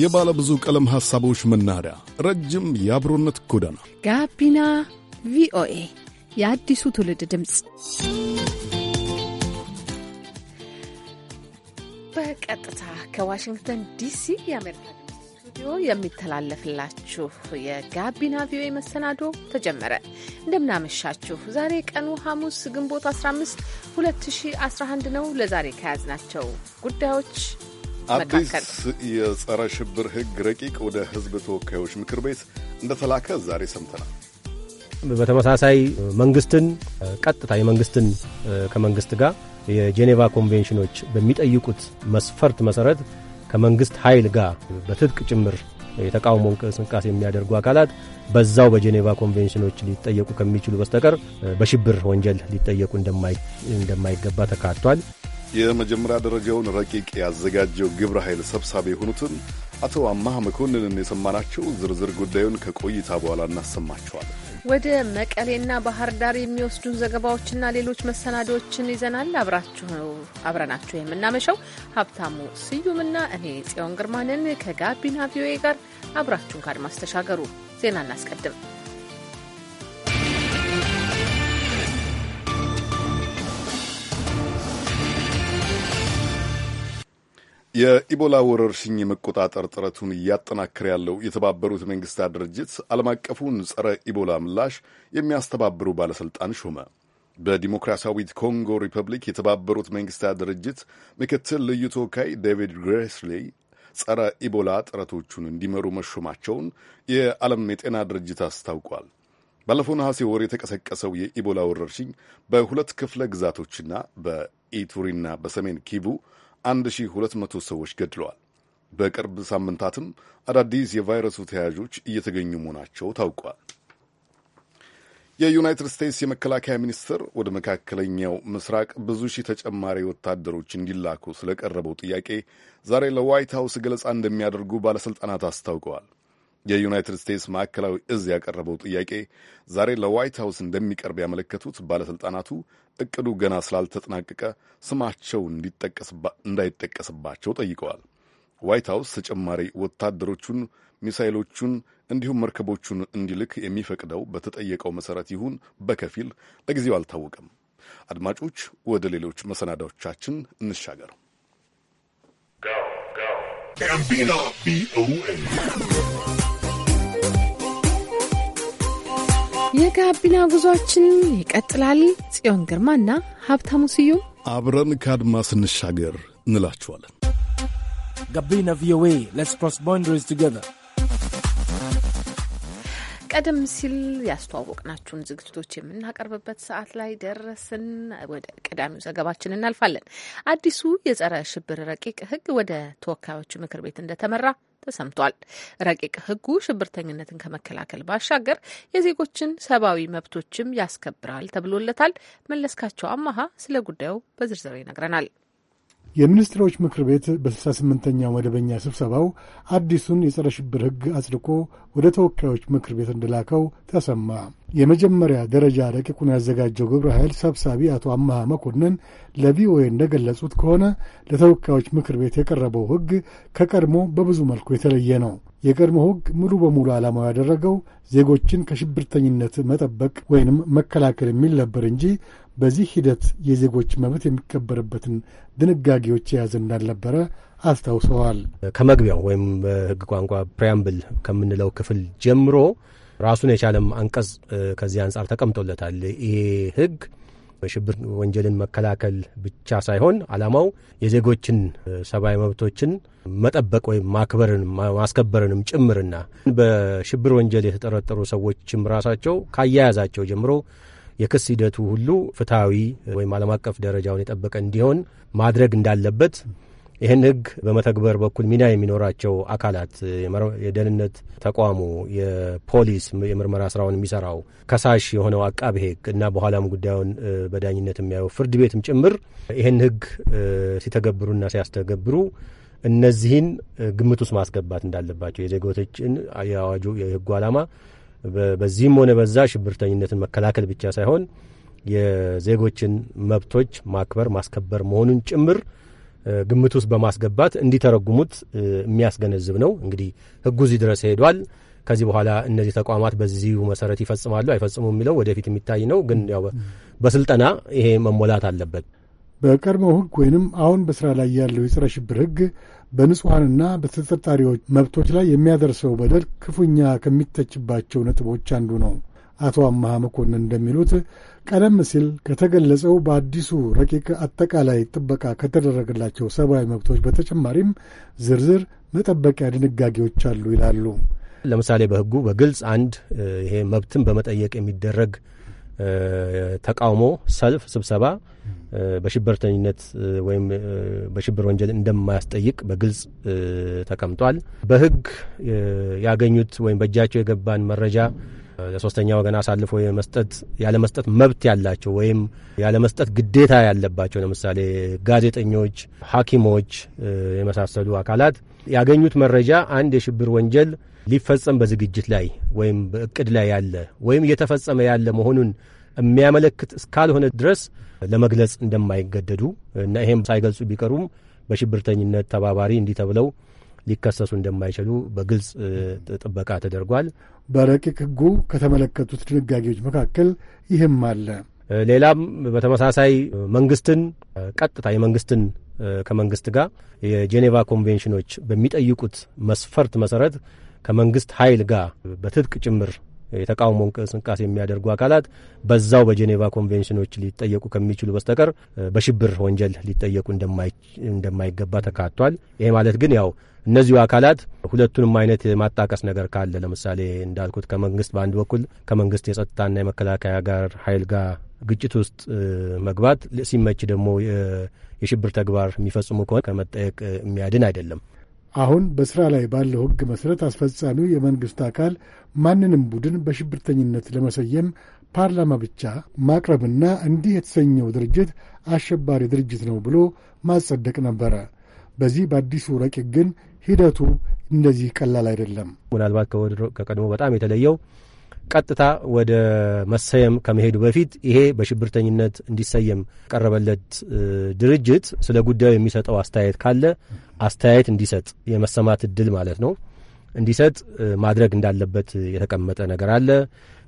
የባለ ብዙ ቀለም ሐሳቦች መናኸሪያ፣ ረጅም የአብሮነት ጎዳና ጋቢና ቪኦኤ የአዲሱ ትውልድ ድምፅ በቀጥታ ከዋሽንግተን ዲሲ የአሜሪካ ስቱዲዮ የሚተላለፍላችሁ የጋቢና ቪኦኤ መሰናዶ ተጀመረ። እንደምናመሻችሁ። ዛሬ ቀኑ ሐሙስ ግንቦት 15 2011 ነው። ለዛሬ ከያዝናቸው ጉዳዮች አዲስ የጸረ ሽብር ህግ ረቂቅ ወደ ህዝብ ተወካዮች ምክር ቤት እንደተላከ ዛሬ ሰምተናል። በተመሳሳይ መንግስትን ቀጥታ የመንግስትን ከመንግስት ጋር የጄኔቫ ኮንቬንሽኖች በሚጠይቁት መስፈርት መሰረት ከመንግስት ኃይል ጋር በትጥቅ ጭምር የተቃውሞ እንቅስቃሴ የሚያደርጉ አካላት በዛው በጄኔቫ ኮንቬንሽኖች ሊጠየቁ ከሚችሉ በስተቀር በሽብር ወንጀል ሊጠየቁ እንደማይገባ ተካቷል። የመጀመሪያ ደረጃውን ረቂቅ ያዘጋጀው ግብረ ኃይል ሰብሳቢ የሆኑትን አቶ አማህ መኮንንን የሰማናቸው ዝርዝር ጉዳዩን ከቆይታ በኋላ እናሰማቸዋለን። ወደ መቀሌና ባህር ዳር የሚወስዱን ዘገባዎችና ሌሎች መሰናዶዎችን ይዘናል። አብራችሁ አብረናችሁ የምናመሸው ሀብታሙ ስዩምና እኔ ጽዮን ግርማንን ከጋቢና ቪኦኤ ጋር አብራችሁን ካድማስ ተሻገሩ። ዜና እናስቀድም። የኢቦላ ወረርሽኝ የመቆጣጠር ጥረቱን እያጠናከረ ያለው የተባበሩት መንግስታት ድርጅት ዓለም አቀፉን ጸረ ኢቦላ ምላሽ የሚያስተባብሩ ባለሥልጣን ሾመ። በዲሞክራሲያዊት ኮንጎ ሪፐብሊክ የተባበሩት መንግስታት ድርጅት ምክትል ልዩ ተወካይ ዴቪድ ግሬስሌይ ጸረ ኢቦላ ጥረቶቹን እንዲመሩ መሾማቸውን የዓለም የጤና ድርጅት አስታውቋል። ባለፈው ነሐሴ ወር የተቀሰቀሰው የኢቦላ ወረርሽኝ በሁለት ክፍለ ግዛቶችና በኢቱሪና በሰሜን ኪቡ 1200 ሰዎች ገድለዋል። በቅርብ ሳምንታትም አዳዲስ የቫይረሱ ተያዦች እየተገኙ መሆናቸው ታውቋል። የዩናይትድ ስቴትስ የመከላከያ ሚኒስትር ወደ መካከለኛው ምስራቅ ብዙ ሺህ ተጨማሪ ወታደሮች እንዲላኩ ስለቀረበው ጥያቄ ዛሬ ለዋይት ሀውስ ገለጻ እንደሚያደርጉ ባለሥልጣናት አስታውቀዋል። የዩናይትድ ስቴትስ ማዕከላዊ እዝ ያቀረበው ጥያቄ ዛሬ ለዋይት ሀውስ እንደሚቀርብ ያመለከቱት ባለሥልጣናቱ እቅዱ ገና ስላልተጠናቀቀ ስማቸው እንዳይጠቀስባቸው ጠይቀዋል። ዋይት ሀውስ ተጨማሪ ወታደሮቹን፣ ሚሳይሎቹን እንዲሁም መርከቦቹን እንዲልክ የሚፈቅደው በተጠየቀው መሠረት ይሁን በከፊል ለጊዜው አልታወቀም። አድማጮች፣ ወደ ሌሎች መሰናዳዎቻችን እንሻገር። ጋቢና ቪኦኤ የጋቢና ጉዟችን ይቀጥላል። ጽዮን ግርማና ሀብታሙ ስዩም አብረን ከአድማ ስንሻገር እንላችኋለን። ጋቢና ቪኦኤ ሌትስ ክሮስ ቦንደሪስ ቱጌዘር ቀደም ሲል ያስተዋወቅናችሁን ዝግጅቶች የምናቀርብበት ሰዓት ላይ ደረስን። ወደ ቀዳሚው ዘገባችን እናልፋለን። አዲሱ የጸረ ሽብር ረቂቅ ሕግ ወደ ተወካዮቹ ምክር ቤት እንደተመራ ተሰምቷል። ረቂቅ ህጉ ሽብርተኝነትን ከመከላከል ባሻገር የዜጎችን ሰብአዊ መብቶችም ያስከብራል ተብሎለታል። መለስካቸው አማሃ ስለ ጉዳዩ በዝርዝር ይነግረናል። የሚኒስትሮች ምክር ቤት በ68ኛው መደበኛ ስብሰባው አዲሱን የጸረ ሽብር ሕግ አጽድቆ ወደ ተወካዮች ምክር ቤት እንደላከው ተሰማ። የመጀመሪያ ደረጃ ረቂቁን ያዘጋጀው ግብረ ኃይል ሰብሳቢ አቶ አመሃ መኮንን ለቪኦኤ እንደገለጹት ከሆነ ለተወካዮች ምክር ቤት የቀረበው ሕግ ከቀድሞ በብዙ መልኩ የተለየ ነው። የቀድሞ ሕግ ሙሉ በሙሉ ዓላማው ያደረገው ዜጎችን ከሽብርተኝነት መጠበቅ ወይንም መከላከል የሚል ነበር እንጂ በዚህ ሂደት የዜጎች መብት የሚከበርበትን ድንጋጌዎች የያዘ እንዳልነበረ አስታውሰዋል። ከመግቢያው ወይም በሕግ ቋንቋ ፕሪያምብል ከምንለው ክፍል ጀምሮ ራሱን የቻለም አንቀጽ ከዚህ አንጻር ተቀምጦለታል። ይሄ ሕግ በሽብር ወንጀልን መከላከል ብቻ ሳይሆን ዓላማው የዜጎችን ሰብአዊ መብቶችን መጠበቅ ወይም ማክበርን ማስከበርንም ጭምርና በሽብር ወንጀል የተጠረጠሩ ሰዎችም ራሳቸው ካያያዛቸው ጀምሮ የክስ ሂደቱ ሁሉ ፍትሐዊ ወይም ዓለም አቀፍ ደረጃውን የጠበቀ እንዲሆን ማድረግ እንዳለበት ይህን ህግ በመተግበር በኩል ሚና የሚኖራቸው አካላት የደህንነት ተቋሙ፣ የፖሊስ የምርመራ ስራውን የሚሰራው ከሳሽ የሆነው አቃቢ ህግ እና በኋላም ጉዳዩን በዳኝነት የሚያየው ፍርድ ቤትም ጭምር ይህን ህግ ሲተገብሩና ሲያስተገብሩ እነዚህን ግምት ውስጥ ማስገባት እንዳለባቸው የዜጎችን የአዋጁ የህጉ ዓላማ በዚህም ሆነ በዛ ሽብርተኝነትን መከላከል ብቻ ሳይሆን የዜጎችን መብቶች ማክበር ማስከበር መሆኑን ጭምር ግምት ውስጥ በማስገባት እንዲተረጉሙት የሚያስገነዝብ ነው። እንግዲህ ህጉ እዚህ ድረስ ሄዷል። ከዚህ በኋላ እነዚህ ተቋማት በዚሁ መሰረት ይፈጽማሉ አይፈጽሙም የሚለው ወደፊት የሚታይ ነው። ግን ያው በስልጠና ይሄ መሞላት አለበት። በቀድሞው ህግ ወይንም አሁን በስራ ላይ ያለው የጸረ ሽብር ህግ በንጹሐንና በተጠርጣሪዎች መብቶች ላይ የሚያደርሰው በደል ክፉኛ ከሚተችባቸው ነጥቦች አንዱ ነው። አቶ አመሃ መኮንን እንደሚሉት ቀደም ሲል ከተገለጸው በአዲሱ ረቂቅ አጠቃላይ ጥበቃ ከተደረገላቸው ሰብአዊ መብቶች በተጨማሪም ዝርዝር መጠበቂያ ድንጋጌዎች አሉ ይላሉ። ለምሳሌ በህጉ በግልጽ አንድ ይሄ መብትን በመጠየቅ የሚደረግ ተቃውሞ፣ ሰልፍ፣ ስብሰባ በሽበርተኝነት ወይም በሽብር ወንጀል እንደማያስጠይቅ በግልጽ ተቀምጧል። በህግ ያገኙት ወይም በእጃቸው የገባን መረጃ ለሶስተኛ ወገን አሳልፎ የመስጠት ያለመስጠት መብት ያላቸው ወይም ያለመስጠት ግዴታ ያለባቸው ለምሳሌ ጋዜጠኞች፣ ሐኪሞች የመሳሰሉ አካላት ያገኙት መረጃ አንድ የሽብር ወንጀል ሊፈጸም በዝግጅት ላይ ወይም በእቅድ ላይ ያለ ወይም እየተፈጸመ ያለ መሆኑን የሚያመለክት እስካልሆነ ድረስ ለመግለጽ እንደማይገደዱ እና ይሄም ሳይገልጹ ቢቀሩም በሽብርተኝነት ተባባሪ እንዲህ ተብለው ሊከሰሱ እንደማይችሉ በግልጽ ጥበቃ ተደርጓል። በረቂቅ ሕጉ ከተመለከቱት ድንጋጌዎች መካከል ይህም አለ። ሌላም በተመሳሳይ መንግስትን ቀጥታ የመንግስትን ከመንግስት ጋር የጄኔቫ ኮንቬንሽኖች በሚጠይቁት መስፈርት መሰረት ከመንግስት ኃይል ጋር በትጥቅ ጭምር የተቃውሞ እንቅስቃሴ የሚያደርጉ አካላት በዛው በጄኔቫ ኮንቬንሽኖች ሊጠየቁ ከሚችሉ በስተቀር በሽብር ወንጀል ሊጠየቁ እንደማይገባ ተካቷል። ይሄ ማለት ግን ያው እነዚሁ አካላት ሁለቱንም አይነት የማጣቀስ ነገር ካለ ለምሳሌ እንዳልኩት ከመንግስት በአንድ በኩል ከመንግስት የጸጥታና የመከላከያ ጋር ኃይል ጋር ግጭት ውስጥ መግባት ሲመች ደግሞ የሽብር ተግባር የሚፈጽሙ ከሆነ ከመጠየቅ የሚያድን አይደለም። አሁን በሥራ ላይ ባለው ሕግ መሠረት አስፈጻሚው የመንግሥት አካል ማንንም ቡድን በሽብርተኝነት ለመሰየም ፓርላማ ብቻ ማቅረብና እንዲህ የተሰኘው ድርጅት አሸባሪ ድርጅት ነው ብሎ ማጸደቅ ነበረ። በዚህ በአዲሱ ረቂቅ ግን ሂደቱ እንደዚህ ቀላል አይደለም። ምናልባት ከቀድሞ በጣም የተለየው ቀጥታ ወደ መሰየም ከመሄዱ በፊት ይሄ በሽብርተኝነት እንዲሰየም ቀረበለት ድርጅት ስለ ጉዳዩ የሚሰጠው አስተያየት ካለ አስተያየት እንዲሰጥ የመሰማት እድል ማለት ነው እንዲሰጥ ማድረግ እንዳለበት የተቀመጠ ነገር አለ።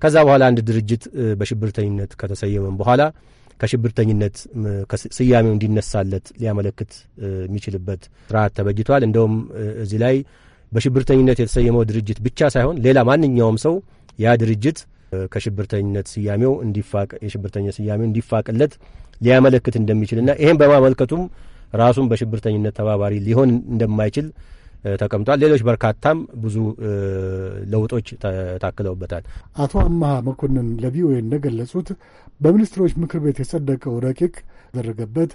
ከዛ በኋላ አንድ ድርጅት በሽብርተኝነት ከተሰየመም በኋላ ከሽብርተኝነት ስያሜው እንዲነሳለት ሊያመለክት የሚችልበት ስርዓት ተበጅቷል። እንደውም እዚህ ላይ በሽብርተኝነት የተሰየመው ድርጅት ብቻ ሳይሆን ሌላ ማንኛውም ሰው ያ ድርጅት ከሽብርተኝነት ስያሜው እንዲፋቅ የሽብርተኝነት ስያሜው እንዲፋቅለት ሊያመለክት እንደሚችልና ይህም በማመልከቱም ራሱን በሽብርተኝነት ተባባሪ ሊሆን እንደማይችል ተቀምጧል። ሌሎች በርካታም ብዙ ለውጦች ታክለውበታል። አቶ አመሃ መኮንን ለቪኦኤ እንደገለጹት በሚኒስትሮች ምክር ቤት የጸደቀው ረቂቅ ደረገበት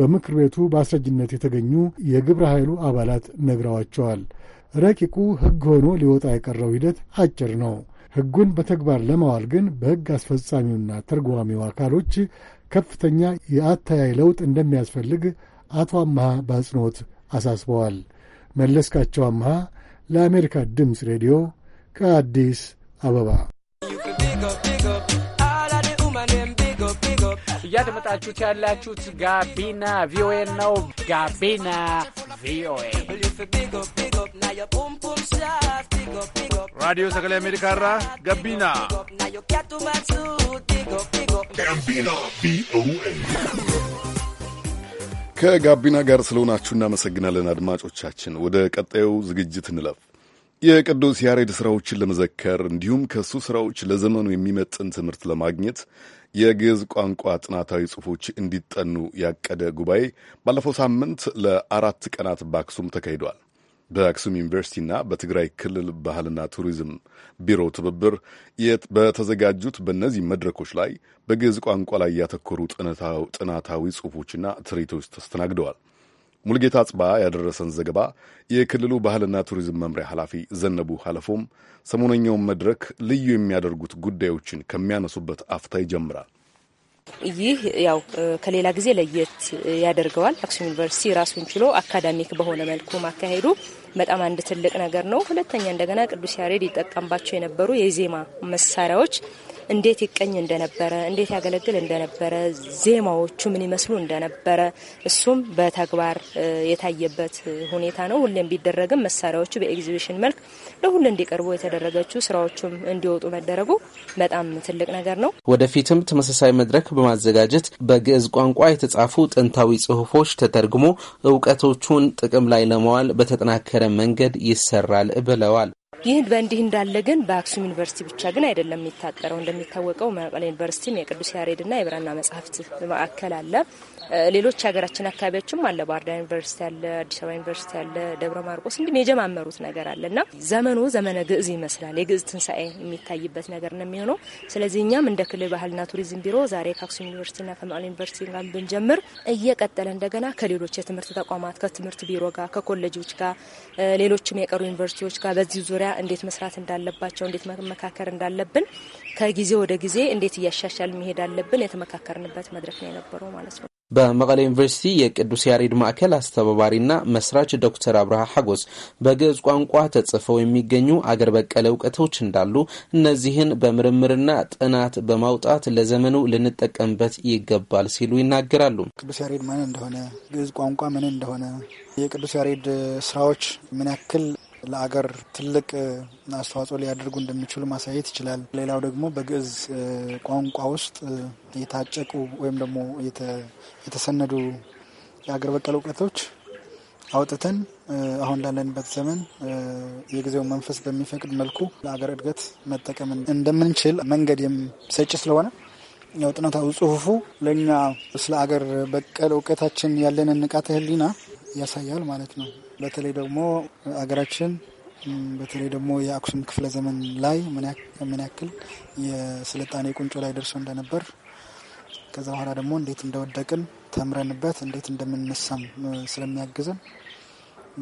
በምክር ቤቱ በአስረጅነት የተገኙ የግብረ ኃይሉ አባላት ነግረዋቸዋል። ረቂቁ ሕግ ሆኖ ሊወጣ የቀረው ሂደት አጭር ነው። ሕጉን በተግባር ለማዋል ግን በሕግ አስፈጻሚውና ተርጓሚው አካሎች ከፍተኛ የአተያይ ለውጥ እንደሚያስፈልግ አቶ አምሃ በአጽንኦት አሳስበዋል። መለስካቸው አምሃ ለአሜሪካ ድምፅ ሬዲዮ ከአዲስ አበባ እያደመጣችሁት ያላችሁት ጋቢና ቪኦኤ ነው። ጋቢና ቪኦኤ Radio Gabina b o Gabbina. ከጋቢና ጋር ስለሆናችሁ እናመሰግናለን አድማጮቻችን። ወደ ቀጣዩ ዝግጅት እንለፍ። የቅዱስ ያሬድ ሥራዎችን ለመዘከር እንዲሁም ከእሱ ሥራዎች ለዘመኑ የሚመጥን ትምህርት ለማግኘት የግዕዝ ቋንቋ ጥናታዊ ጽሑፎች እንዲጠኑ ያቀደ ጉባኤ ባለፈው ሳምንት ለአራት ቀናት በአክሱም ተካሂዷል። በአክሱም ዩኒቨርሲቲና በትግራይ ክልል ባህልና ቱሪዝም ቢሮ ትብብር በተዘጋጁት በእነዚህ መድረኮች ላይ በግዕዝ ቋንቋ ላይ ያተኮሩ ጥናታዊ ጽሑፎችና ትርኢቶች ተስተናግደዋል። ሙልጌታ ጽባ ያደረሰን ዘገባ የክልሉ ባህልና ቱሪዝም መምሪያ ኃላፊ ዘነቡ ሀለፎም ሰሞነኛውን መድረክ ልዩ የሚያደርጉት ጉዳዮችን ከሚያነሱበት አፍታ ይጀምራል። ይህ ያው ከሌላ ጊዜ ለየት ያደርገዋል። አክሱም ዩኒቨርሲቲ ራሱን ችሎ አካዳሚክ በሆነ መልኩ ማካሄዱ በጣም አንድ ትልቅ ነገር ነው። ሁለተኛ እንደገና ቅዱስ ያሬድ ይጠቀምባቸው የነበሩ የዜማ መሳሪያዎች እንዴት ይቀኝ እንደነበረ፣ እንዴት ያገለግል እንደነበረ፣ ዜማዎቹ ምን ይመስሉ እንደነበረ እሱም በተግባር የታየበት ሁኔታ ነው። ሁሌም ቢደረግም መሳሪያዎቹ በኤግዚቢሽን መልክ ለሁሉ እንዲቀርቡ የተደረገችው ስራዎቹም እንዲወጡ መደረጉ በጣም ትልቅ ነገር ነው። ወደፊትም ተመሳሳይ መድረክ በማዘጋጀት በግዕዝ ቋንቋ የተጻፉ ጥንታዊ ጽሁፎች ተተርግሞ እውቀቶቹን ጥቅም ላይ ለመዋል በተጠናከረ መንገድ ይሰራል ብለዋል። ይህ በእንዲህ እንዳለ ግን በአክሱም ዩኒቨርሲቲ ብቻ ግን አይደለም የሚታጠረው። እንደሚታወቀው መቀሌ ዩኒቨርሲቲም የቅዱስ ያሬድና የብራና መጽሐፍት ማዕከል አለ። ሌሎች የሀገራችን አካባቢዎችም አለ። ባህርዳር ዩኒቨርሲቲ አለ፣ አዲስ አበባ ዩኒቨርሲቲ አለ፣ ደብረ ማርቆስ እንዲሁም የጀማመሩት ነገር አለ እና ዘመኑ ዘመነ ግዕዝ ይመስላል። የግዕዝ ትንሣኤ የሚታይበት ነገር ነው የሚሆነው። ስለዚህ እኛም እንደ ክልል ባህልና ቱሪዝም ቢሮ ዛሬ ከአክሱም ዩኒቨርሲቲና ከመቀለ ዩኒቨርሲቲ ጋር ብንጀምር እየቀጠለ እንደገና ከሌሎች የትምህርት ተቋማት ከትምህርት ቢሮ ጋር ከኮሌጆች ጋር ሌሎችም የቀሩ ዩኒቨርሲቲዎች ጋር በዚህ ዙሪያ እንዴት መስራት እንዳለባቸው፣ እንዴት መመካከር እንዳለብን ከጊዜ ወደ ጊዜ እንዴት እያሻሻል መሄድ አለብን የተመካከርንበት መድረክ ነው የነበረው ማለት ነው። በመቀለ ዩኒቨርሲቲ የቅዱስ ያሬድ ማዕከል አስተባባሪና መስራች ዶክተር አብርሃ ሐጎስ በግዕዝ ቋንቋ ተጽፈው የሚገኙ አገር በቀለ እውቀቶች እንዳሉ እነዚህን በምርምርና ጥናት በማውጣት ለዘመኑ ልንጠቀምበት ይገባል ሲሉ ይናገራሉ። ቅዱስ ያሬድ ምን እንደሆነ፣ ግዕዝ ቋንቋ ምን እንደሆነ፣ የቅዱስ ያሬድ ስራዎች ምን ያክል ለአገር ትልቅ አስተዋጽኦ ሊያደርጉ እንደሚችሉ ማሳየት ይችላል። ሌላው ደግሞ በግዕዝ ቋንቋ ውስጥ የታጨቁ ወይም ደግሞ የተሰነዱ የአገር በቀል እውቀቶች አውጥተን አሁን ላለንበት ዘመን የጊዜው መንፈስ በሚፈቅድ መልኩ ለአገር እድገት መጠቀም እንደምንችል መንገድ ሰጪ ስለሆነ ያው ጥናታዊ ጽሁፉ ለእኛ ስለ አገር በቀል እውቀታችን ያለንን ንቃተ ህሊና ያሳያል ማለት ነው። በተለይ ደግሞ አገራችን በተለይ ደግሞ የአክሱም ክፍለ ዘመን ላይ ምን ያክል የስልጣኔ ቁንጮ ላይ ደርሶ እንደነበር ከዛ በኋላ ደግሞ እንዴት እንደወደቅን ተምረንበት እንዴት እንደምንነሳም ስለሚያግዝን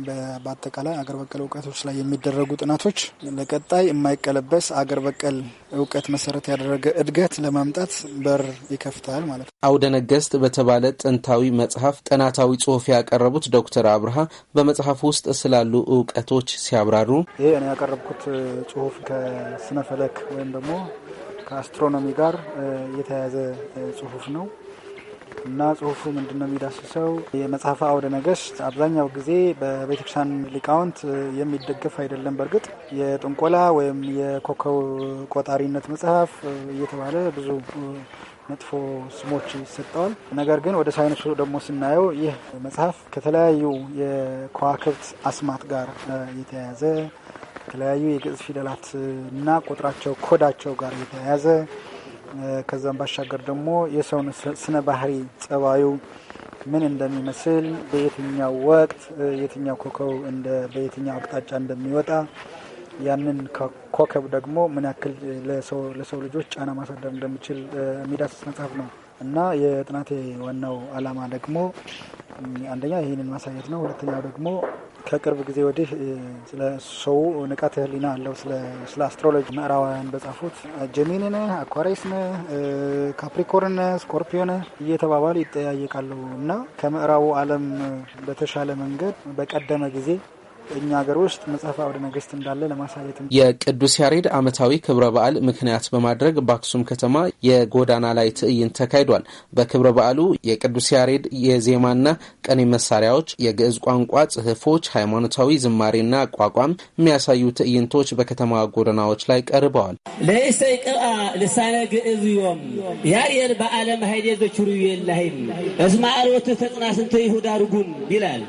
በአጠቃላይ አገር በቀል እውቀቶች ላይ የሚደረጉ ጥናቶች ለቀጣይ የማይቀለበስ አገር በቀል እውቀት መሰረት ያደረገ እድገት ለማምጣት በር ይከፍታል ማለት ነው። አውደ ነገስት በተባለ ጥንታዊ መጽሐፍ ጥናታዊ ጽሁፍ ያቀረቡት ዶክተር አብርሃ በመጽሐፍ ውስጥ ስላሉ እውቀቶች ሲያብራሩ ይሄ እኔ ያቀረብኩት ጽሁፍ ከስነፈለክ ወይም ደግሞ ከአስትሮኖሚ ጋር የተያያዘ ጽሁፍ ነው። እና ጽሁፉ ምንድን ነው የሚዳስሰው? የመጽሐፈ አውደ ነገስት አብዛኛው ጊዜ በቤተክርስቲያን ሊቃውንት የሚደገፍ አይደለም። በእርግጥ የጥንቆላ ወይም የኮከብ ቆጣሪነት መጽሐፍ እየተባለ ብዙ መጥፎ ስሞች ይሰጠዋል። ነገር ግን ወደ ሳይንሱ ደግሞ ስናየው ይህ መጽሐፍ ከተለያዩ የከዋክብት አስማት ጋር የተያያዘ ከተለያዩ የግዕዝ ፊደላት እና ቁጥራቸው ኮዳቸው ጋር የተያያዘ ከዛም ባሻገር ደግሞ የሰውን ስነ ባህሪ ጸባዩ ምን እንደሚመስል በየትኛው ወቅት የትኛው ኮከብ በየትኛው አቅጣጫ እንደሚወጣ ያንን ኮከብ ደግሞ ምን ያክል ለሰው ልጆች ጫና ማሳደር እንደሚችል የሚዳስስ መጽሐፍ ነው እና የጥናቴ ዋናው ዓላማ ደግሞ አንደኛ ይህንን ማሳየት ነው። ሁለተኛው ደግሞ ከቅርብ ጊዜ ወዲህ ስለ ሰው ንቃተ ህሊና አለው ስለ አስትሮሎጂ ምዕራባውያን በጻፉት ጀሚኒ ነ አኳሬስ ነ ካፕሪኮር ነ ስኮርፒዮ ነህ እየተባባሉ ይጠያየቃሉ እና ከምዕራቡ ዓለም በተሻለ መንገድ በቀደመ ጊዜ እኛ ሀገር ውስጥ መጽሐፍ አውደ ነገስት እንዳለ ለማሳየት የቅዱስ ያሬድ አመታዊ ክብረ በዓል ምክንያት በማድረግ በአክሱም ከተማ የጎዳና ላይ ትዕይንት ተካሂዷል። በክብረ በዓሉ የቅዱስ ያሬድ የዜማና ቀኔ መሳሪያዎች፣ የግዕዝ ቋንቋ ጽሑፎች፣ ሃይማኖታዊ ዝማሬና አቋቋም የሚያሳዩ ትዕይንቶች በከተማ ጎዳናዎች ላይ ቀርበዋል። ለእሰይ ቅብአ ልሳነ ግዕዝ ዮም ያሬድ በዓለም ሀይሌ ዘችሩ የላይም እስማኤል ወቱ ተጽናስንተ ይሁዳ ርጉም ይላል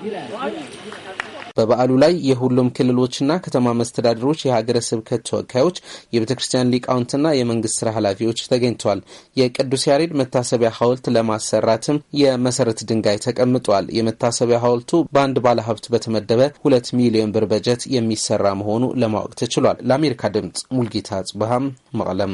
በበዓሉ ላይ የሁሉም ክልሎችና ከተማ መስተዳድሮች የሀገረ ስብከት ተወካዮች፣ የቤተ ክርስቲያን ሊቃውንትና የመንግስት ስራ ኃላፊዎች ተገኝተዋል። የቅዱስ ያሬድ መታሰቢያ ሐውልት ለማሰራትም የመሰረት ድንጋይ ተቀምጧል። የመታሰቢያ ሐውልቱ በአንድ ባለሀብት በተመደበ ሁለት ሚሊዮን ብር በጀት የሚሰራ መሆኑ ለማወቅ ተችሏል። ለአሜሪካ ድምጽ ሙልጌታ ጽበሃም። መቀለም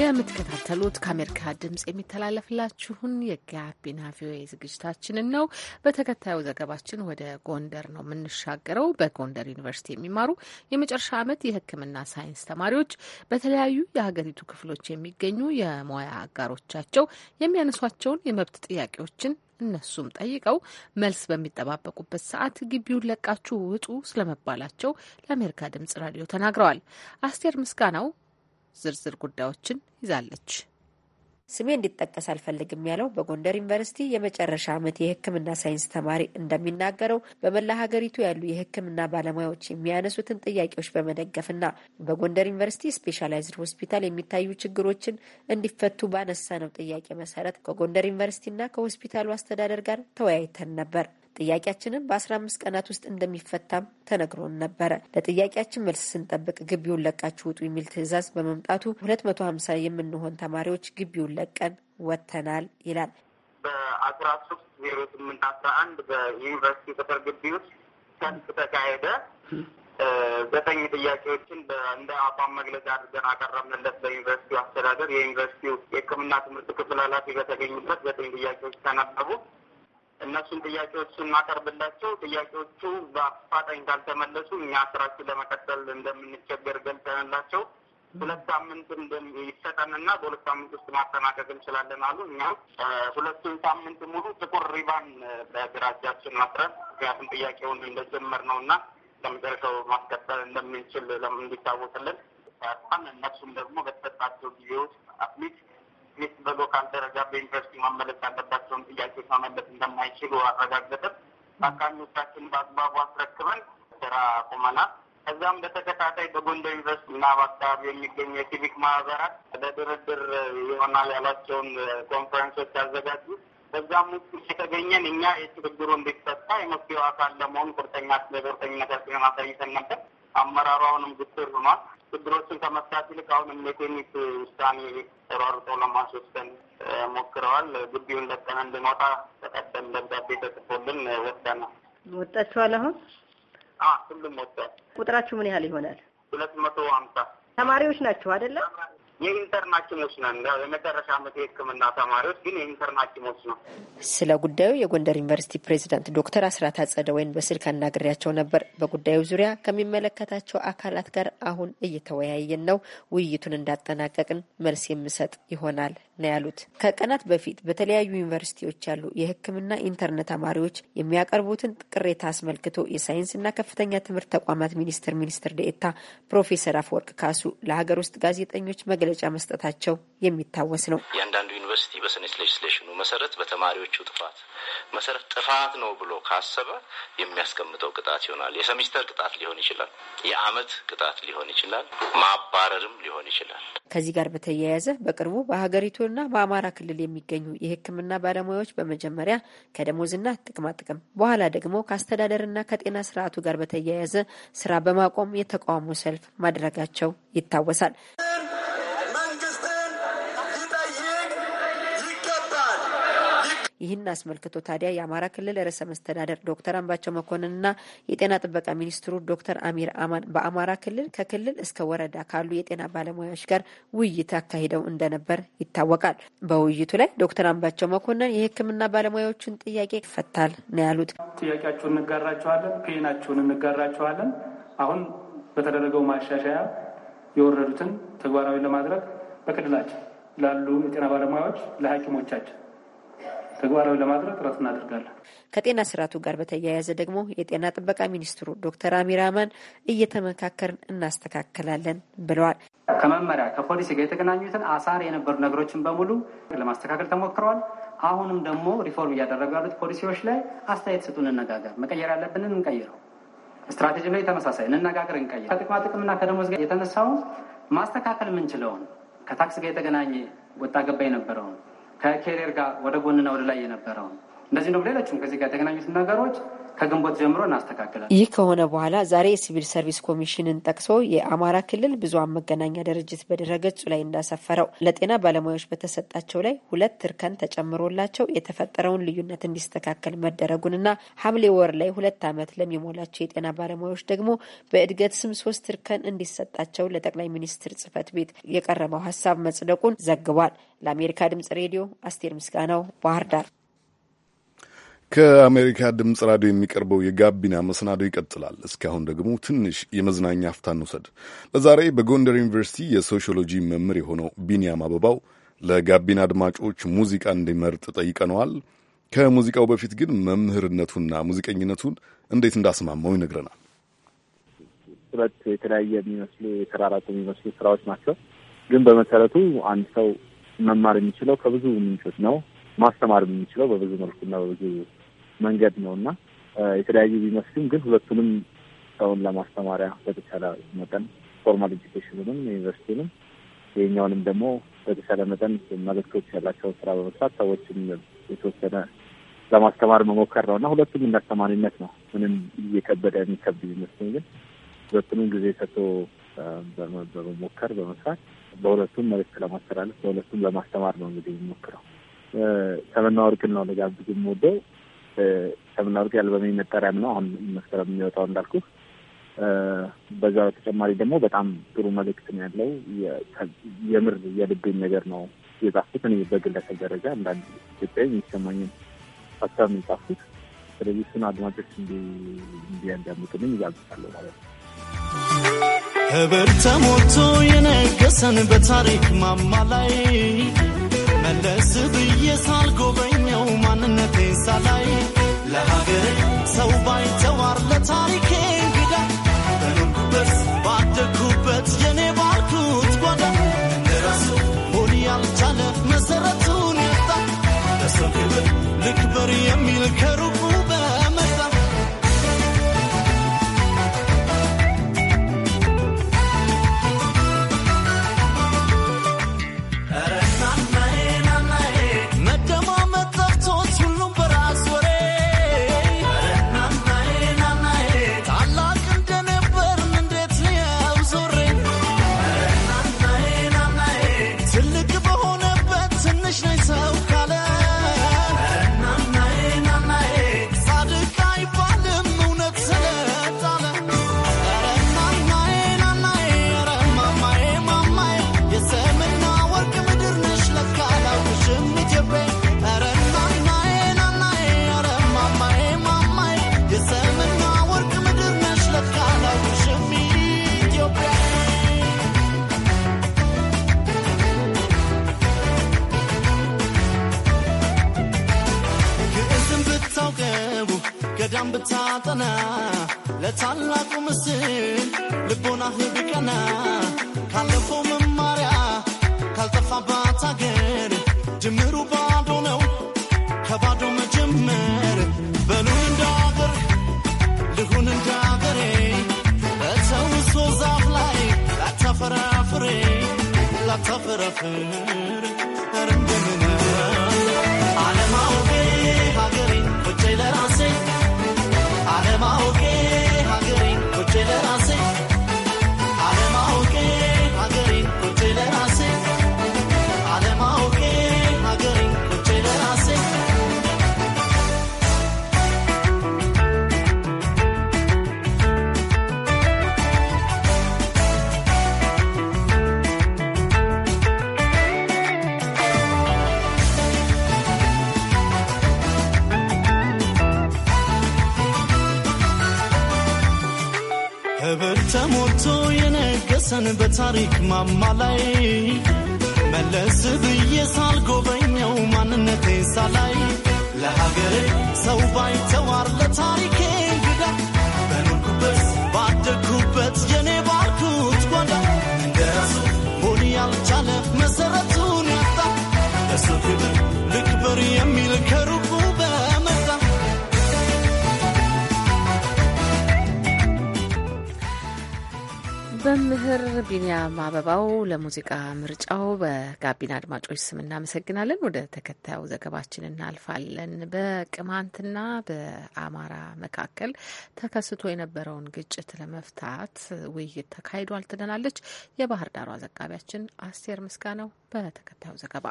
የምትከታተሉት ከአሜሪካ ድምጽ የሚተላለፍላችሁን የጋቢና ቪኦኤ ዝግጅታችንን ነው። በተከታዩ ዘገባችን ወደ ጎንደር ነው የምንሻገረው። በጎንደር ዩኒቨርሲቲ የሚማሩ የመጨረሻ ዓመት የሕክምና ሳይንስ ተማሪዎች በተለያዩ የሀገሪቱ ክፍሎች የሚገኙ የሙያ አጋሮቻቸው የሚያነሷቸውን የመብት ጥያቄዎችን እነሱም ጠይቀው መልስ በሚጠባበቁበት ሰዓት ግቢውን ለቃችሁ ውጡ ስለመባላቸው ለአሜሪካ ድምጽ ራዲዮ ተናግረዋል። አስቴር ምስጋናው ዝርዝር ጉዳዮችን ይዛለች። ስሜ እንዲጠቀስ አልፈልግም ያለው በጎንደር ዩኒቨርሲቲ የመጨረሻ ዓመት የሕክምና ሳይንስ ተማሪ እንደሚናገረው በመላ ሀገሪቱ ያሉ የሕክምና ባለሙያዎች የሚያነሱትን ጥያቄዎች በመደገፍና በጎንደር ዩኒቨርሲቲ ስፔሻላይዝድ ሆስፒታል የሚታዩ ችግሮችን እንዲፈቱ ባነሳ ነው ጥያቄ መሰረት ከጎንደር ዩኒቨርሲቲና ከሆስፒታሉ አስተዳደር ጋር ተወያይተን ነበር። ጥያቄያችንን በ15 ቀናት ውስጥ እንደሚፈታም ተነግሮን ነበረ። ለጥያቄያችን መልስ ስንጠብቅ ግቢውን ለቃችሁ ውጡ የሚል ትዕዛዝ በመምጣቱ 250 የምንሆን ተማሪዎች ግቢውን ለቀን ወጥተናል ይላል። በአስራ ሶስት ዜሮ ስምንት አስራ አንድ በዩኒቨርሲቲ ቅጥር ግቢ ውስጥ ሰልፍ ተካሄደ። ዘጠኝ ጥያቄዎችን እንደ አቋም መግለጫ አድርገን አቀረብንለት በዩኒቨርሲቲው አስተዳደር። የዩኒቨርሲቲው የሕክምና ትምህርት ክፍል ኃላፊ በተገኙበት ዘጠኝ ጥያቄዎች ተነበቡ። እነሱን ጥያቄዎችን ማቀርብላቸው ጥያቄዎቹ በአፋጣኝ ካልተመለሱ እኛ ስራችን ለመቀጠል እንደምንቸገር ገልጸንላቸው ሁለት ሳምንት ይሰጠንና በሁለት ሳምንት ውስጥ ማጠናቀቅ እንችላለን አሉ። እኛም ሁለቱን ሳምንት ሙሉ ጥቁር ሪባን በግራ እጃችን ማስረት ምክንያቱም ጥያቄውን እንደጀመር ነው እና ለመጨረሻው ማስቀጠል እንደምንችል እንዲታወቅልን እነሱም ደግሞ በተሰጣቸው ጊዜ ውስጥ አትሊስት ሚስ በሎካል ደረጃ በዩኒቨርሲቲ ማመለስ ያለባቸውን ጥያቄዎች ማመለስ እንደማይችሉ አረጋገጥም። ታካሚዎቻችን በአግባቡ አስረክበን ስራ ቁመናል። ከዚያም በተከታታይ በጎንደር ዩኒቨርሲቲ እና በአካባቢ የሚገኙ የሲቪክ ማህበራት ለድርድር ይሆናል ያሏቸውን ኮንፈረንሶች ያዘጋጁ። በዛም ውስጥ የተገኘን እኛ የችግሩ እንዲፈታ የመፍትሄው አካል ለመሆን ቁርጠኛ ቁርጠኝነታችንን አሳይተን ነበር። አመራሯውንም ግትር ሆኗል። ችግሮችን ከመፍታት ይልቅ አሁን የቴክኒክ ውሳኔ ተሯሩጠው ለማስወሰን ሞክረዋል። ግቢውን ለቀን እንድንወጣ ተቀደም ደብዳቤ ተጽፎልን ወጥተናል። ወጣችኋል? አሁን ሁሉም ወጥቷል። ቁጥራችሁ ምን ያህል ይሆናል? ሁለት መቶ ሀምሳ ተማሪዎች ናችሁ አይደለም? የኢንተርን ሐኪሞች ነን። የመጨረሻ ዓመት የሕክምና ተማሪዎች ግን የኢንተርን ሐኪሞች ነው። ስለ ጉዳዩ የጎንደር ዩኒቨርሲቲ ፕሬዚዳንት ዶክተር አስራት ወይን በስልክ አናግሬያቸው ነበር። በጉዳዩ ዙሪያ ከሚመለከታቸው አካላት ጋር አሁን እየተወያየን ነው። ውይይቱን እንዳጠናቀቅን መልስ የምሰጥ ይሆናል ነው ያሉት። ከቀናት በፊት በተለያዩ ዩኒቨርሲቲዎች ያሉ የህክምና ኢንተርን ተማሪዎች የሚያቀርቡትን ቅሬታ አስመልክቶ የሳይንስና ከፍተኛ ትምህርት ተቋማት ሚኒስትር ሚኒስትር ዴኤታ ፕሮፌሰር አፈወርቅ ካሱ ለሀገር ውስጥ ጋዜጠኞች መግለ መግለጫ መስጠታቸው የሚታወስ ነው። እያንዳንዱ ዩኒቨርሲቲ በሰኔት ሌጅስሌሽኑ መሰረት በተማሪዎቹ ጥፋት መሰረት ጥፋት ነው ብሎ ካሰበ የሚያስቀምጠው ቅጣት ይሆናል። የሰሚስተር ቅጣት ሊሆን ይችላል፣ የአመት ቅጣት ሊሆን ይችላል፣ ማባረርም ሊሆን ይችላል። ከዚህ ጋር በተያያዘ በቅርቡ በሀገሪቱና በአማራ ክልል የሚገኙ የሕክምና ባለሙያዎች በመጀመሪያ ከደሞዝና ጥቅማጥቅም በኋላ ደግሞ ከአስተዳደርና ከጤና ስርዓቱ ጋር በተያያዘ ስራ በማቆም የተቃውሞ ሰልፍ ማድረጋቸው ይታወሳል። ይህን አስመልክቶ ታዲያ የአማራ ክልል ርዕሰ መስተዳደር ዶክተር አምባቸው መኮንንና የጤና ጥበቃ ሚኒስትሩ ዶክተር አሚር አማን በአማራ ክልል ከክልል እስከ ወረዳ ካሉ የጤና ባለሙያዎች ጋር ውይይት አካሂደው እንደነበር ይታወቃል። በውይይቱ ላይ ዶክተር አምባቸው መኮንን የሕክምና ባለሙያዎችን ጥያቄ ይፈታል ነው ያሉት። ጥያቄያችሁን እንጋራችኋለን፣ ፔናችሁን እንጋራችኋለን። አሁን በተደረገው ማሻሻያ የወረዱትን ተግባራዊ ለማድረግ በክልላችን ላሉ የጤና ባለሙያዎች ለሐኪሞቻችን ተግባራዊ ለማድረግ ጥረት እናደርጋለን። ከጤና ስርዓቱ ጋር በተያያዘ ደግሞ የጤና ጥበቃ ሚኒስትሩ ዶክተር አሚር አማን እየተመካከርን እናስተካከላለን ብለዋል። ከመመሪያ ከፖሊሲ ጋር የተገናኙትን አሳር የነበሩ ነገሮችን በሙሉ ለማስተካከል ተሞክረዋል። አሁንም ደግሞ ሪፎርም እያደረጉ ያሉት ፖሊሲዎች ላይ አስተያየት ስጡ፣ እንነጋገር። መቀየር ያለብንን እንቀይረው። ስትራቴጂ ላይ ተመሳሳይ እንነጋገር፣ እንቀይር። ከጥቅማ ጥቅምና ከደሞዝ ጋር የተነሳውን ማስተካከል የምንችለውን ከታክስ ጋር የተገናኘ ወጣ ገባ የነበረውን ከኬሪየር ጋር ወደ ጎንና ወደ ላይ የነበረውን እንደዚህ ደግሞ ሌሎችም ከዚህ ጋር የተገናኙት ነገሮች ከግንቦት ጀምሮ እናስተካክላለን። ይህ ከሆነ በኋላ ዛሬ የሲቪል ሰርቪስ ኮሚሽንን ጠቅሶ የአማራ ክልል ብዙሃን መገናኛ ድርጅት በድረገጹ ላይ እንዳሰፈረው ለጤና ባለሙያዎች በተሰጣቸው ላይ ሁለት እርከን ተጨምሮላቸው የተፈጠረውን ልዩነት እንዲስተካከል መደረጉንና ሐምሌ ወር ላይ ሁለት ዓመት ለሚሞላቸው የጤና ባለሙያዎች ደግሞ በእድገት ስም ሶስት እርከን እንዲሰጣቸው ለጠቅላይ ሚኒስትር ጽህፈት ቤት የቀረበው ሀሳብ መጽደቁን ዘግቧል። ለአሜሪካ ድምጽ ሬዲዮ አስቴር ምስጋናው ባህር ዳር። ከአሜሪካ ድምፅ ራዲዮ የሚቀርበው የጋቢና መሰናዶ ይቀጥላል። እስካሁን ደግሞ ትንሽ የመዝናኛ አፍታ እንውሰድ። ለዛሬ በጎንደር ዩኒቨርሲቲ የሶሺዮሎጂ መምህር የሆነው ቢንያም አበባው ለጋቢና አድማጮች ሙዚቃ እንዲመርጥ ጠይቀነዋል። ከሙዚቃው በፊት ግን መምህርነቱና ሙዚቀኝነቱን እንዴት እንዳስማማው ይነግረናል። ሁለት የተለያየ የሚመስሉ የተራራቁ የሚመስሉ ስራዎች ናቸው። ግን በመሰረቱ አንድ ሰው መማር የሚችለው ከብዙ ምንጮች ነው። ማስተማር የሚችለው በብዙ መልኩና በብዙ መንገድ ነው እና የተለያዩ ቢመስሉም ግን ሁለቱንም ሰውን ለማስተማሪያ በተቻለ መጠን ፎርማል ኤጁኬሽኑንም ዩኒቨርሲቲንም የኛውንም ደግሞ በተቻለ መጠን መልእክቶች ያላቸውን ስራ በመስራት ሰዎችን የተወሰነ ለማስተማር መሞከር ነው እና ሁለቱም እንዳስተማሪነት ነው። ምንም እየከበደ የሚከብድ ቢመስልም ግን ሁለቱንም ጊዜ ሰጥቶ በመሞከር በመስራት በሁለቱም መልእክት ለማስተላለፍ በሁለቱም ለማስተማር ነው እንግዲህ የሚሞክረው። ሰመና ወርቅን ነው ለጋብዝ ወደው ሰምና ወርቅ የአልበሜ መጠሪያም ነው። አሁን መስከረም የሚወጣው እንዳልኩ በዛ በተጨማሪ ደግሞ በጣም ጥሩ መልእክት ነው ያለው። የምር የልብኝ ነገር ነው የጻፉት። እኔ በግለሰብ ደረጃ እንዳንድ ኢትዮጵያ የሚሰማኝን ሀሳብ ነው የጻፉት። ስለዚህ እሱን አድማጮች እንዲያዳምጡልኝ እጋብዛለሁ ማለት ነው። ህብር ተሞልቶ የነገሰን በታሪክ ማማ ላይ መለስ ብዬ ሳልጎበኘው ማንነቴን ሳላይ ለሀገር ሰው ባይተዋር ለታሪኬ እንግዳ በኖርኩበት ባደግኩበት የኔ ባልኩት ጓዳ እንደራሱ ሆን ያልቻለ መሰረቱን ያጣ ለሰው ክብር ልክበር የሚል ከሩ ቀና ለታላቁ ምስል ልቦና ህብቀና ካለፈው መማሪያ ካልጠፋባት አገር ጅምሩ ባዶ ነው ከባዶ መጀመር በሉ እንዳገር ልሁን እንዳገሬ በተውሶ ዛፍ ላይ ላታፈራፍሬ ላታፈራፍር እንደምን አለማውቤ ሀገሬ ቁጭ ለራስ በታሪክ ማማ ላይ መለስ ብዬ ሳልጎበኘው ማንነቴ ሳላይ ለሀገሬ ሰው ባይተዋር ለታሪኬ እንግዳ በኖርኩበት ባደግኩበት የኔ ባልኩት ጓዳ እንደራሱ ሆን ያልቻለ መሰረቱን ያጣ ለሰው ክብር ልክበር የሚል ከሩቅ መምህር ቢኒያም አበባው ለሙዚቃ ምርጫው በጋቢና አድማጮች ስም እናመሰግናለን። ወደ ተከታዩ ዘገባችን እናልፋለን። በቅማንትና በአማራ መካከል ተከስቶ የነበረውን ግጭት ለመፍታት ውይይት ተካሂዷል ትለናለች የባህር ዳሯ ዘጋቢያችን አስቴር ምስጋናው በተከታዩ ዘገባ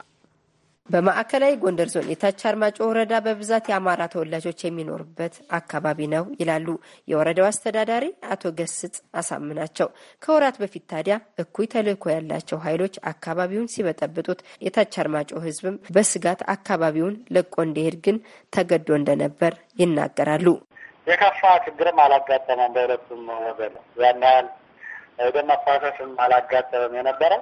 በማዕከላዊ ጎንደር ዞን የታች አርማጮ ወረዳ በብዛት የአማራ ተወላጆች የሚኖሩበት አካባቢ ነው ይላሉ የወረዳው አስተዳዳሪ አቶ ገስጽ አሳምናቸው። ከወራት በፊት ታዲያ እኩይ ተልእኮ ያላቸው ኃይሎች አካባቢውን ሲበጠብጡት የታች አርማጮ ሕዝብም በስጋት አካባቢውን ለቆ እንዲሄድ ግን ተገዶ እንደነበር ይናገራሉ። የከፋ ችግርም አላጋጠመም። በሁለቱም ወገን ያን ያህል ደም መፋሰስም አላጋጠመም የነበረው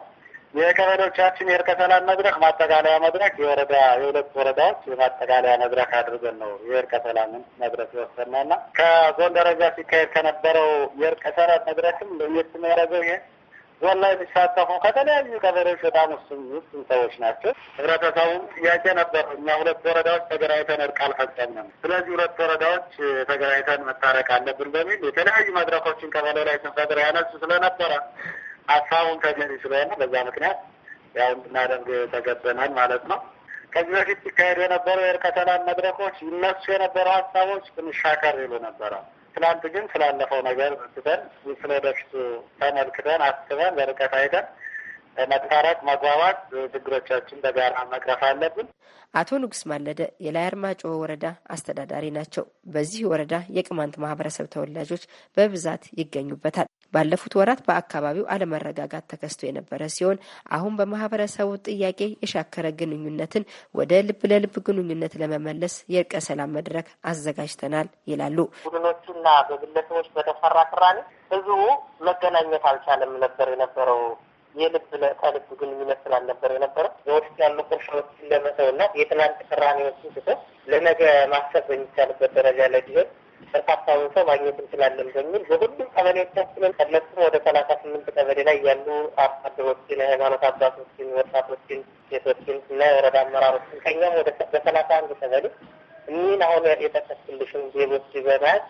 የቀበሌዎቻችን የእርቀ ሰላም መድረክ ማጠቃለያ መድረክ የወረዳ የሁለት ወረዳዎች የማጠቃለያ መድረክ አድርገን ነው የእርቀ ሰላምን መድረክ የወሰነው እና ከዞን ደረጃ ሲካሄድ ከነበረው የእርቀ ሰላም መድረክም ለየት የሚያደርገው ይሄ ዞን ላይ የሚሳተፉ ከተለያዩ ቀበሌዎች በጣም ውስን ውስን ሰዎች ናቸው። ህብረተሰቡም ጥያቄ ነበር። እኛ ሁለት ወረዳዎች ተገናኝተን እርቅ አልፈጸምንም፣ ስለዚህ ሁለት ወረዳዎች ተገናኝተን መታረቅ አለብን በሚል የተለያዩ መድረኮችን ቀበሌ ላይ ስንፈጥር ያነሱ ስለነበረ ሀሳቡን ተገቢ ስለሆነ በዛ ምክንያት ያው እንድናደርግ ተገበናል ማለት ነው። ከዚህ በፊት ሲካሄዱ የነበሩ የእርቀ ሰላም መድረኮች ይነሱ የነበሩ ሀሳቦች እንሻከር ይሉ ነበረ። ትናንት ግን ስላለፈው ነገር ትተን ስለ ወደፊቱ ተመልክተን አስበን በርቀት አይተን መታረቅ፣ መግባባት፣ ችግሮቻችን በጋራ መቅረፍ አለብን። አቶ ንጉስ ማለደ የላይ አርማጭሆ ወረዳ አስተዳዳሪ ናቸው። በዚህ ወረዳ የቅማንት ማህበረሰብ ተወላጆች በብዛት ይገኙበታል። ባለፉት ወራት በአካባቢው አለመረጋጋት ተከስቶ የነበረ ሲሆን አሁን በማህበረሰቡ ጥያቄ የሻከረ ግንኙነትን ወደ ልብ ለልብ ግንኙነት ለመመለስ የእርቀ ሰላም መድረክ አዘጋጅተናል ይላሉ። ቡድኖቹና በግለሰቦች በተፈራ ቅራኔ ህዝቡ መገናኘት አልቻለም ነበር የነበረው የልብ ከልብ ግንኙነት ስላልነበር የነበረ በወቅት ያሉ ቁርሻዎችን ለመተውና የትናንት ቅራኔዎችን ትቶ ለነገ ማሰብ በሚቻልበት ደረጃ ላይ ቢሆን በርካታውን ሰው ማግኘት እንችላለን በሚል በሁሉም ቀበሌዎቻችንን ከነሱም ወደ ሰላሳ ስምንት ቀበሌ ላይ ያሉ አርሶ የሃይማኖት አባቶችን፣ ወጣቶችን፣ ሴቶችን እና የወረዳ አመራሮችን ከኛም ወደ በሰላሳ አንድ ቀበሌ እኒህን አሁን የጠቀስልሽን ዜጎች በመያዝ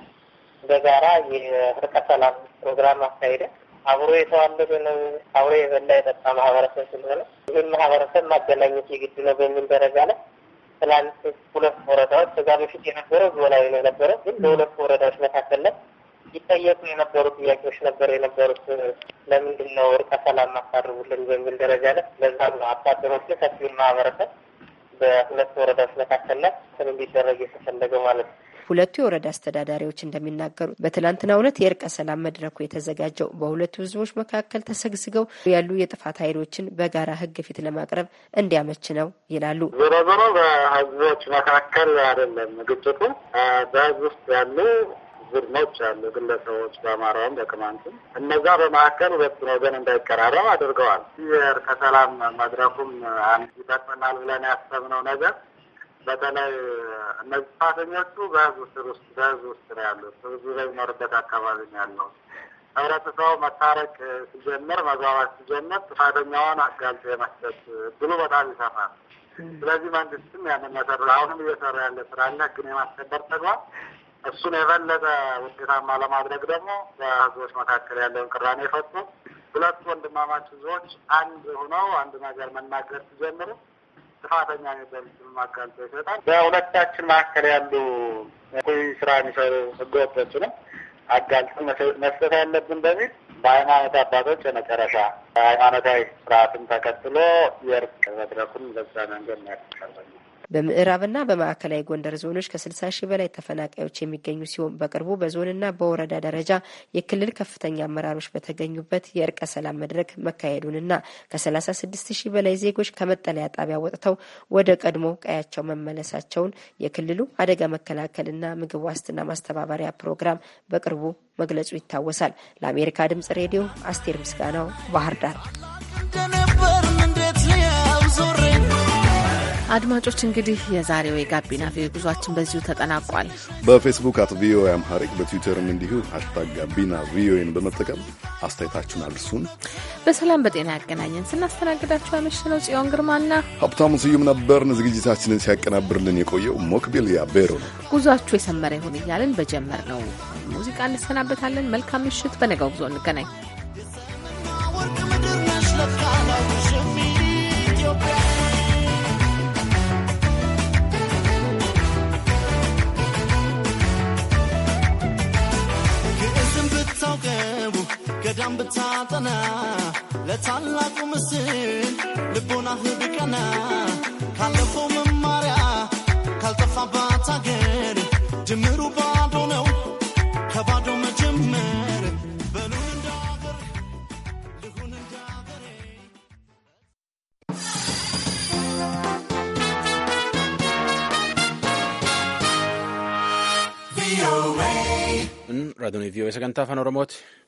በጋራ የእርቀ ሰላም ፕሮግራም አካሄደ። አብሮ የተዋለደ ነው። አብሮ የበላ የጠጣ ማህበረሰብ ስለሆነ ይህን ማህበረሰብ ማገናኘት የግድ ነው በሚል ደረጃ ላይ ትላንት ሁለት ወረዳዎች ከዛ በፊት የነበረው ዞላዊ ነው የነበረ ግን በሁለት ወረዳዎች መካከል ላይ ይጠየቁ የነበሩ ጥያቄዎች ነበር የነበሩት ለምንድን ነው እርቀ ሰላም ማሳርቡልን በሚል ደረጃ ላይ ለዛ ነው አባደሮች ሰፊውን ማህበረሰብ በሁለት ወረዳዎች መካከል ላይ ስም እንዲደረግ የተፈለገው ማለት ነው። ሁለቱ የወረዳ አስተዳዳሪዎች እንደሚናገሩት በትላንትናው ዕለት የእርቀ ሰላም መድረኩ የተዘጋጀው በሁለቱ ህዝቦች መካከል ተሰግስገው ያሉ የጥፋት ኃይሎችን በጋራ ህግ ፊት ለማቅረብ እንዲያመች ነው ይላሉ። ዞሮ ዞሮ በህዝቦች መካከል አይደለም ግጭቱ፣ በህዝብ ውስጥ ያሉ ቡድኖች አሉ፣ ግለሰቦች በአማራውም በቅማንቱም። እነዛ በመካከል ሁለቱን ወገን እንዳይቀራረብ አድርገዋል። የእርቀ ሰላም መድረኩም አንድ ይጠቅመናል ብለን ያሰብነው ነገር በተለይ እነዚህ ጥፋተኞቹ በህዝብ ስር ውስጥ በህዝብ ውስጥ ነው ያሉት። ህዝቡ በሚኖርበት አካባቢ ነው ያለው። ህብረተሰቡ መታረቅ ሲጀምር፣ መግባባት ሲጀምር ጥፋተኛውን አጋልጦ የመስጠት እድሉ በጣም ይሰፋል። ስለዚህ መንግስትም ያንን መሰሩ አሁንም እየሰራ ያለ ስራ አለ፣ ህግን የማስከበር ተግባር። እሱን የበለጠ ውጤታማ ለማድረግ ደግሞ በህዝቦች መካከል ያለውን ቅራኔ የፈቱ ሁለቱ ወንድማማች ህዝቦች አንድ ሆነው አንድ ነገር መናገር ሲጀምሩ ጥፋተኛ የሚባሉትን ማጋልጦ ይሰጣል። በሁለታችን መካከል ያሉ ኩይ ስራ የሚሰሩ ነው አጋልጠን መስጠት ያለብን በሚል በሃይማኖት አባቶች የመጨረሻ ሃይማኖታዊ ስርዓትን ተከትሎ የእርቅ መድረኩን በዛ መንገድ ያቀርበኛል። በምዕራብና በማዕከላዊ ጎንደር ዞኖች ከ60 ሺህ በላይ ተፈናቃዮች የሚገኙ ሲሆን በቅርቡ በዞንና በወረዳ ደረጃ የክልል ከፍተኛ አመራሮች በተገኙበት የእርቀ ሰላም መድረክ መካሄዱንና ከ36 ሺህ በላይ ዜጎች ከመጠለያ ጣቢያ ወጥተው ወደ ቀድሞ ቀያቸው መመለሳቸውን የክልሉ አደጋ መከላከልና ምግብ ዋስትና ማስተባበሪያ ፕሮግራም በቅርቡ መግለጹ ይታወሳል። ለአሜሪካ ድምጽ ሬዲዮ አስቴር ምስጋናው ባህር ዳር። አድማጮች እንግዲህ የዛሬው የጋቢና ቪኦኤ ጉዟችን በዚሁ ተጠናቋል። በፌስቡክ አት ቪኦኤ አምሃሪክ በትዊተርም እንዲሁ ሀሽታግ ጋቢና ቪኦኤን በመጠቀም አስተያየታችሁን አድርሱን። በሰላም በጤና ያገናኘን። ስናስተናግዳችሁ ያመሸነው ጽዮን ግርማና ሀብታሙ ስዩም ነበርን። ዝግጅታችንን ሲያቀናብርልን የቆየው ሞክቢል ያቤሮ ነው። ጉዟችሁ የሰመረ ይሁን እያልን በጀመር ነው ሙዚቃ እንሰናበታለን። መልካም ምሽት። በነገው ጉዞ እንገናኝ። ሌላም ብታጠና ለታላቁ ምስል ልቦና ህድቀና ካለፈው መማሪያ ካልጠፋባት አገር ድምሩ ባዶ ነው ከባዶ መጀመር በሉን እንዳገሬ ልሁን እንዳገሬ Radunii viu, se cantaa fan